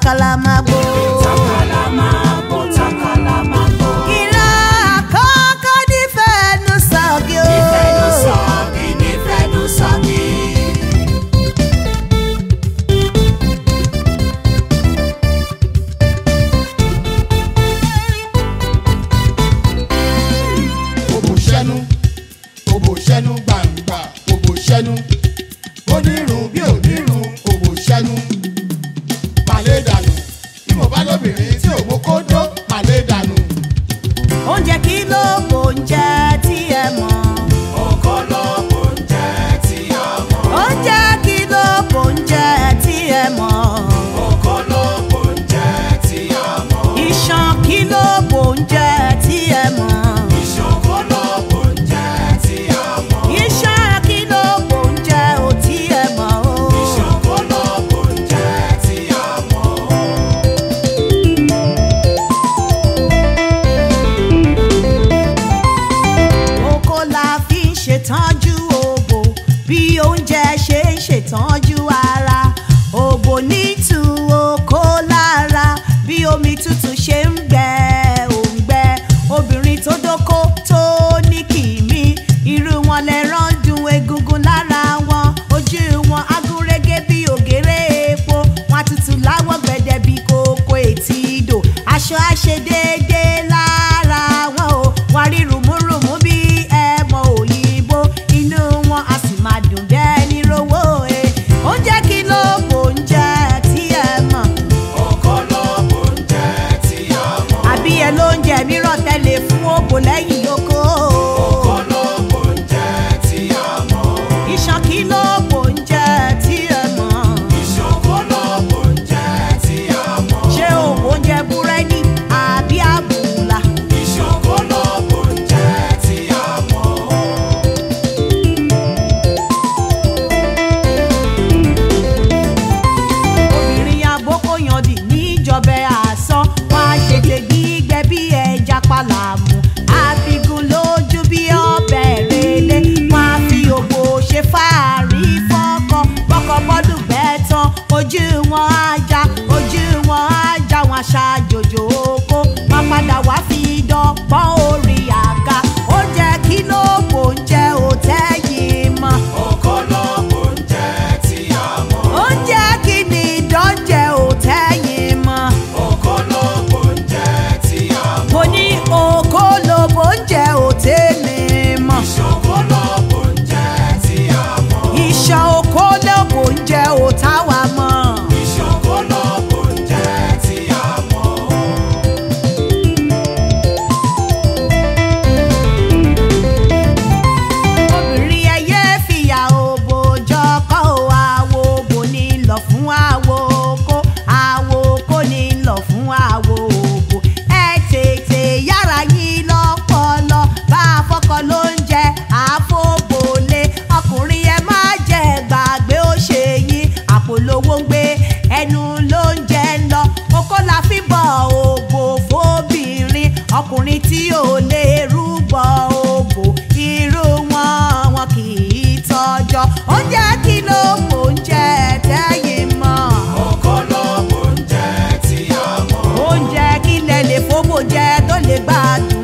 takala magbo. takala magbo takala magbo. kìlá àkọ́kọ́ nífẹ̀ẹ́nu sọ́ọ̀gì o. Oh. nífẹ̀ẹ́nu sọ́ọ̀gì nífẹ̀ẹ́nu sọ́ọ̀gì. òbòṣẹ́nu òbòṣẹ́nu. obìnrin tí ò mú kó aṣọ àṣedéédé lára wọn o wọn rí rùmúrùmú bí ẹmọ òyìnbó inú wọn a sì máa dùn bẹ́ẹ̀ ní rówó e oúnjẹ kí ló kò ń jẹ tí ẹ mọ̀. ọkọ ló kò ń jẹ tí a mọ̀. àbí ẹ ló mìíràn tẹ́lẹ̀ fún òbò lẹ́yìn lóko. wọn á já ojú wọn á já wọn aṣáájòjò pé ẹnu ló ń jẹ ń lọ okó la fi bọ̀ ògbò fóbìnrin ọkùnrin tí ò lè rúbọ ògbò irú wọn wọn kì í tọjọ́ ó kí ló mò ń jẹ tẹ́yìn mọ́. okó ló mò ń jẹ tí a mọ̀. oúnjẹ kílẹ̀ lè fowó jẹ tó lè gbàdúrà.